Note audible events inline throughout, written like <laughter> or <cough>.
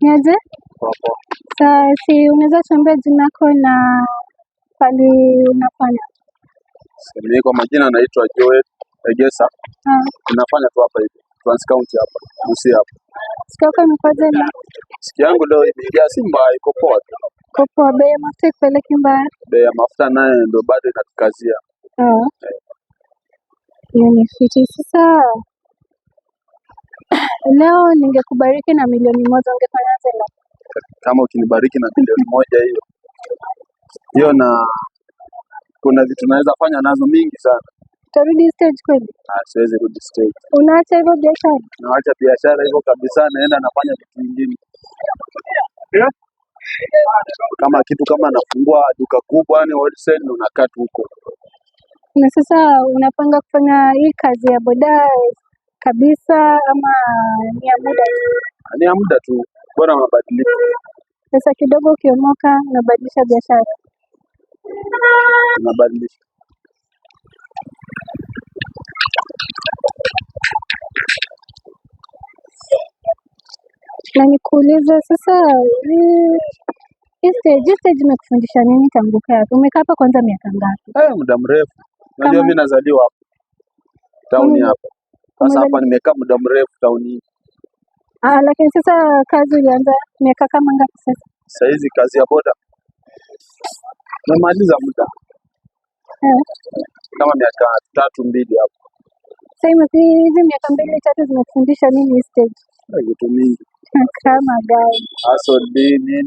Niaje? Sa si unaweza tuambia jinako na pali unafanya? Mimi kwa majina naitwa Joel Egesa. Tunafanya ah. tu hapa hivi. Trans County hapa. Musi hapa. Sikia kwa mikoje na sikia yangu leo imeingia si mbaya iko poa tu. Iko poa bei ya mafuta ikupeleke mbaya. Bei ya mafuta naye ndio bado inatukazia. Ah. Eh. Yaani fiti sasa Leo ningekubariki na milioni moja ungefanya leo? Kama ukinibariki na milioni moja hiyo hiyo, na kuna vitu naweza fanya nazo mingi sana. Utarudi stage kweli? Ah, siwezi rudi stage. Unaacha hivyo biashara? Naacha biashara hivyo kabisa, naenda nafanya vitu vingine yeah. Kama kitu kama nafungua duka kubwa, yani wholesale, unakaa tu huko. Na sasa unapanga kufanya hii kazi ya boda kabisa ama ni ya muda tu? Ni ya muda tu, bora mabadiliko. Pesa kidogo ukiomoka, unabadilisha biashara, unabadilisha na nikuulize sasa, hii stage imekufundisha nini tangu kaa Umekaa hapa kwanza miaka ngapi? Eh, muda mrefu. najua mimi nazaliwa hapa tauni mm. hapa sasa hapa nimekaa muda mrefu tauni. Ah, lakini sasa kazi ulianza miaka kama ngapi sasa? Sasa hizi kazi ya boda namaliza muda eh, kama miaka tatu mbili hapo. Sasa hizi miaka mbili tatu zimefundisha nini? Stage vitu mingi <laughs> kama gari aso nini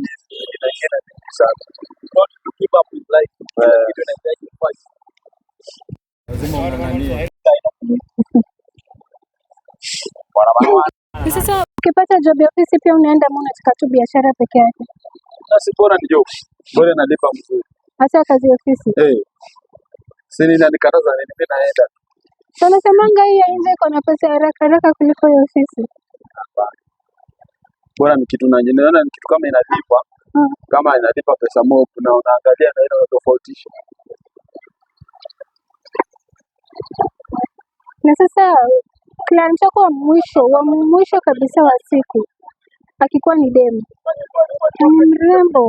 sana sasa ukipata job ya ofisi pia unaenda, mbona unataka tu biashara peke yake? Basi bora ni job, bora nalipa mzuri, hata kazi ya ofisi eh. Si na nikataza nini, mimi naenda sana samanga. Hii ya kwa na pesa haraka haraka kuliko ya ofisi. Hapana. Bora ni kitu na naona ni kitu kama inalipwa. Ah. Kama inalipa pesa mob na unaangalia na ile tofautisha na sasa Plan chako wa mwisho wa mwisho kabisa wa siku akikuwa ni demu mrembo,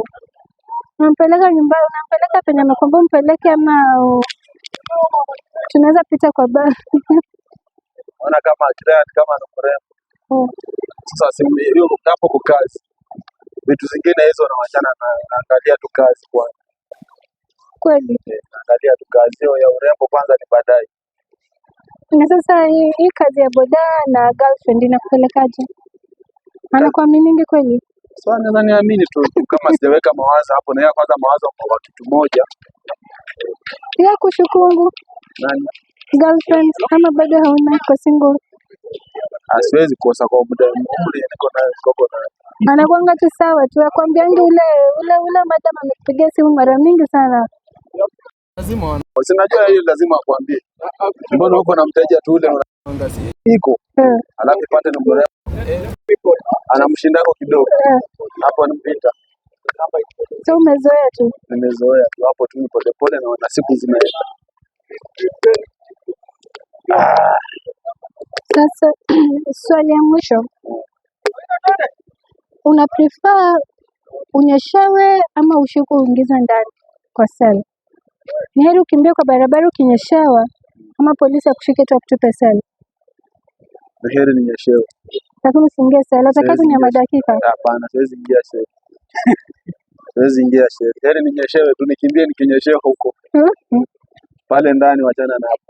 unampeleka nyumbani, unampeleka penye makombo, mpeleke ama tunaweza pita kwa baa ona kama jirani kama ni mrembo hmm. Sasa simu hiyo hapo kwa kazi, vitu zingine hizo nawachana na naangalia tu kazi kwanza, kweli eh, naangalia tu kazi hiyo ya urembo kwanza, ni baadaye na sasa hii kazi ya boda na girlfriend inakupelekaje? Anakuaminingi kweli? Sasa naweza niamini tu kama sijaweka mawazo hapo, na yeye kwanza mawazo kwa kitu moja pia kushukuru. Nani? Girlfriend kama bado hauna, kwa single? Asiwezi ah, kosa kwa muda mmoja, niko na koko na anakuanga tu sawa tu, akwambiangi ule ule ule madam amepigia simu mara mingi sana lazima Sinajua hili lazima akwambie. Mbona uko na mteja tu ule iko eh. alafu pate namba eh. anamshindako kidogo eh. hapo, anampita so umezoea tu. Nimezoea tu hapo tu, polepole na siku zimeenda. Sasa <clears throat> swali ya mwisho, una prefer unyeshewe ama ushike uingiza ndani kwa seli? Ni heri yaani ukimbie kwa barabara ukinyeshewa, kama polisi akushike tu akutupe sela. Ni heri ninyeshewe. Lakini usiingie sela, utakatu ni ya madakika. Hapana, siwezi ingia sela. Siwezi ingia sela. Heri ninyeshewe tu, nikimbie nikinyeshewa huko. Hmm? Pale ndani wachana na hapo.